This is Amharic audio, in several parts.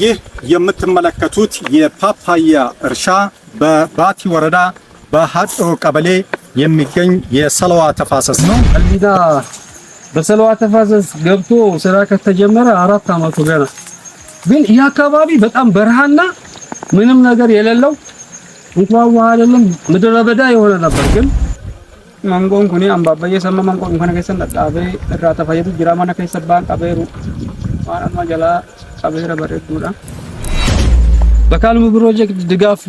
ይህ የምትመለከቱት የፓፓያ እርሻ በባቲ ወረዳ በሀጥሮ ቀበሌ የሚገኝ የሰለዋ ተፋሰስ ነው። እዚዳ በሰለዋ ተፋሰስ ገብቶ ስራ ከተጀመረ አራት አመቱ ገና። ግን ይህ አካባቢ በጣም በረሃና ምንም ነገር የሌለው እንኳን ውሃ አይደለም ምድረ በዳ የሆነ ነበር። ግን መንጎን ኩኒ አምባባዬ ሰማ መንጎን እንኳን ከሰነጣ በራታ ፈየዱ ጅራማና ከሰባን ቀበሩ በአላማ ጀላ ቀብረ በረዱላ በካልሙ ፕሮጀክት ድጋፍ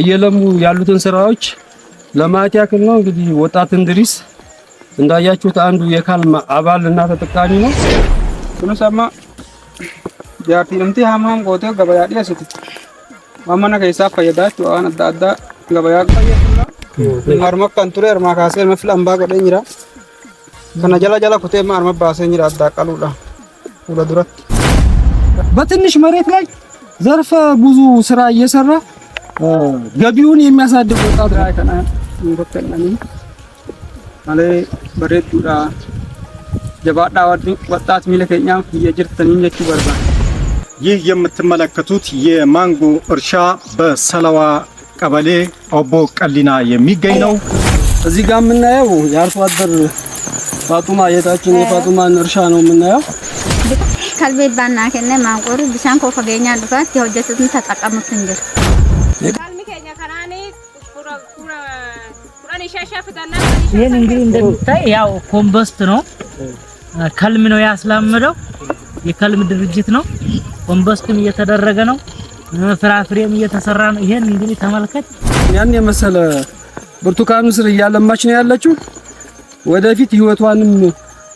እየለሙ ያሉትን ስራዎች ለማየት ያክል ነው። እንግዲህ ወጣት እንድሪስ እንዳያችሁት አንዱ የካልም አባል እና ተጠቃሚ ነው። ኩነሰማ ጃቲምቲ ሀማም ጎቴ ገበያ ዲያስቲ ማማና ከይሳ ፈየዳች ዋን አዳዳ ገበያ ቀየሱላ ማርማ ከንቱሬ አርማ ካሴ መፍል አምባ ከነጀላ ጀላ ኩቴ ማርማ ባሰኝራ አዳቀሉላ በትንሽ መሬት ላይ ዘርፈ ብዙ ስራ እየሰራ ገቢውን የሚያሳድግ ወጣት ማለ ጀባዳ ወጣት ሚለከኛ የጅርተን በርባ ይህ የምትመለከቱት የማንጎ እርሻ በሰለዋ ቀበሌ ኦቦ ቀሊና የሚገኝ ነው። እዚህ ጋር የምናየው የአርሶ አደር ፋጡማ የታችን የፋጡማን እርሻ ነው የምናየው። ከልቤ ባና ከነ ማንቆሩ ቢሻን ኮ ከገኛ ዱፋት የሆጀቱን ተጠቀሙት እንጂ ይህን እንግዲህ እንደምታይ ያው ኮምበስት ነው፣ ከልም ነው ያስላመደው። የከልም ድርጅት ነው። ኮምበስትም እየተደረገ ነው፣ ፍራፍሬም እየተሰራ ነው። ይሄን እንግዲህ ተመልከት። ያን የመሰለ ብርቱካኑ ስር እያለማች ነው ያለችው ወደፊት ህይወቷንም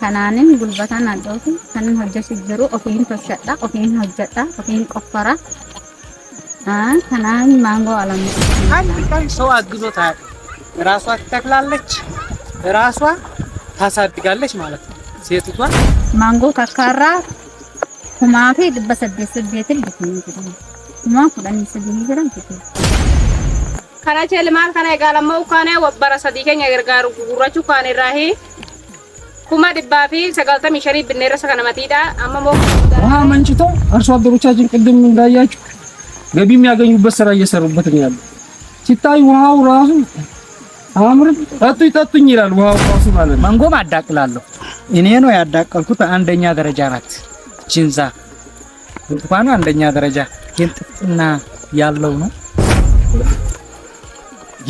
Kanaanin gulbataan adootu kanin hojjachis jiru ofiin tolchadha. Ofiin hojjadha. Ofiin qofara Kanaan ማንጎ አለሙ አንድ ቀን ሰው አግዞታል። ራሷ ትተክላለች፣ ራሷ ታሳድጋለች ማለት ነው። ሴትቷ ማንጎ ከካራ ሁማፌ ግበሰደስ ቤትል ቢትኝ ሁማ ኩዳን ሰዲኒ ገራም ቢትኝ ከራቸ ለማል ከና ይጋለመው ከና ወበረ ሰዲከኛ ገርጋሩ ጉራቹ ከና ራሄ kuma ድባፊ fi sagaltamii shanii binnee rasa ውሃ መንጭተው አርሶ አደሮቻችን ቅድም እንዳያችሁ ገቢ የሚያገኙበት ስራ እየሰሩበት ነው ያለው። ሲታይ ውሃው ራሱ አምርም ጠጡ ይጠጡኝ ይላል። ውሃው ራሱ ማለት ነው። መንጎም አዳቅላለሁ እኔ ነው ያዳቀልኩት። አንደኛ ደረጃ ናት ጅንዛ እንኳን አንደኛ ደረጃ ግን ጥፍጥና ያለው ነው።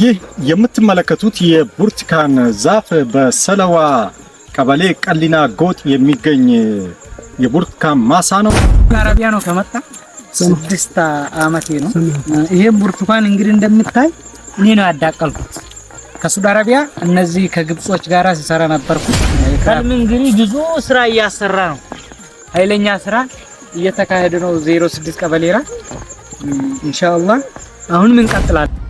ይህ የምትመለከቱት የብርቱካን ዛፍ በሰለዋ ቀበሌ ቀሊና ጎጥ የሚገኝ የብርቱካን ማሳ ነው። አረቢያ ነው ከመጣ ስድስት አመቴ ነው። ይሄ ብርቱካን እንግዲህ እንደምታይ እኔ ነው ያዳቀልኩት ከሱድ አረቢያ እነዚህ ከግብጾች ጋራ ሲሰራ ነበርኩት። ቀልም እንግዲህ ብዙ ስራ እያሰራ ነው። ኃይለኛ ስራ እየተካሄደ ነው። 06 ቀበሌራ ኢንሻአላህ አሁንም እንቀጥላለን።